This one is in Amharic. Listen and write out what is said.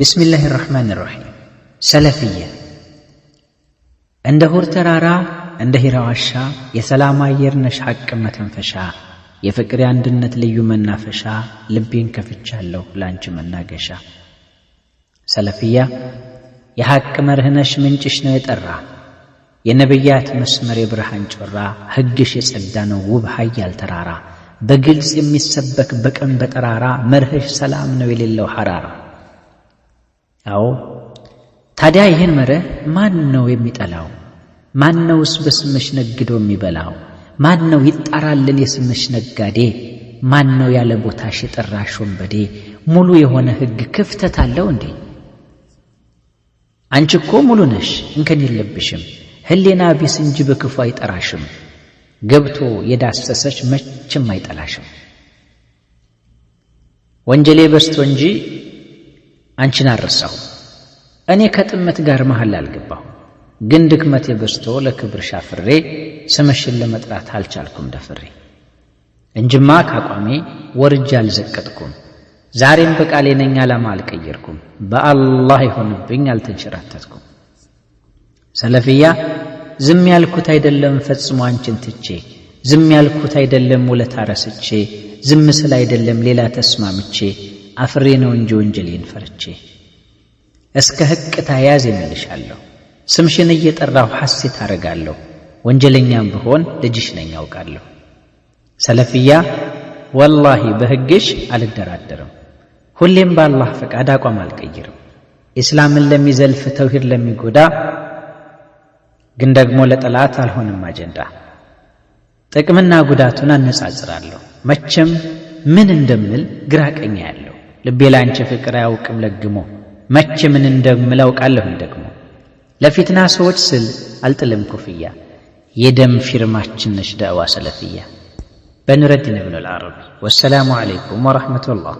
ቢስሚላህ ራሕማን ራሒም ሰለፍያ እንደ ሁር ተራራ እንደ ሂራ ዋሻ የሰላም አየር ነሽ ሐቅ መተንፈሻ የፍቅር የአንድነት ልዩ መናፈሻ ልቤን ከፍቻለሁ ለአንቺ መናገሻ ሰለፍያ የሐቅ መርህነሽ ምንጭሽ ነው የጠራ የነቢያት መስመር የብርሃን ጮራ ህግሽ የጸዳ ነው ውብ ሀያል ተራራ በግልጽ የሚሰበክ በቀን በጠራራ መርህሽ ሰላም ነው የሌለው ሐራራ አዎ ታዲያ ይህን መርህ ማን ነው የሚጠላው? ማን ነውስ በስምሽ ነግዶ የሚበላው? ማን ነው ይጣራልን የስምሽ ነጋዴ? ማን ነው ያለ ቦታሽ የጠራሽ ወንበዴ? ሙሉ የሆነ ሕግ ክፍተት አለው እንዴ? አንቺ እኮ ሙሉ ነሽ እንከን የለብሽም። ህሌና ቢስ እንጂ በክፉ አይጠራሽም። ገብቶ የዳሰሰች መቼም አይጠላሽም። ወንጀሌ በስቶ እንጂ አንቺን አረሳሁ። እኔ ከጥመት ጋር መሃል አልገባሁ፣ ግን ድክመቴ በዝቶ ለክብር ሻፍሬ ስምሽን ለመጥራት አልቻልኩም ደፍሬ። እንጅማ ካቋሜ ወርጃ አልዘቀጥኩም፣ ዛሬም በቃሌ ነኝ ዓላማ አልቀየርኩም። በአላህ የሆንብኝ አልተንሸራተትኩም። ሰለፍያ ዝም ያልኩት አይደለም ፈጽሞ አንቺን ትቼ፣ ዝም ያልኩት አይደለም ውለታ ረስቼ፣ ዝም ስል አይደለም ሌላ ተስማምቼ አፍሬ ነው እንጂ ወንጀሌን ፈርቼ እስከ ህቅታ ታያዝ የምልሻለሁ ስምሽን እየጠራሁ ሐሴት አረጋለሁ። ወንጀለኛም ብሆን ልጅሽ ነኝ ያውቃለሁ። ሰለፍያ ወላሂ በህግሽ አልደራደርም። ሁሌም በአላህ ፈቃድ አቋም አልቀይርም። ኢስላምን ለሚዘልፍ ተውሂድ ለሚጎዳ ግን ደግሞ ለጠላት አልሆንም አጀንዳ። ጥቅምና ጉዳቱን አነጻጽራለሁ መቼም ምን እንደምል ግራ ቀኝ ያለ ልቤ ላንቺ ፍቅር አያውቅም ለግሞ መቼ ምን እንደምላውቃለሁኝ ደግሞ ለፊትና ሰዎች ስል አልጥልም ኩፍያ የደም ፊርማችን ነሽ ዳዋ ሰለፍያ በኑረዲን ብኑ ልዓረቢ ወሰላሙ ዓለይኩም ወረሕመቱላህ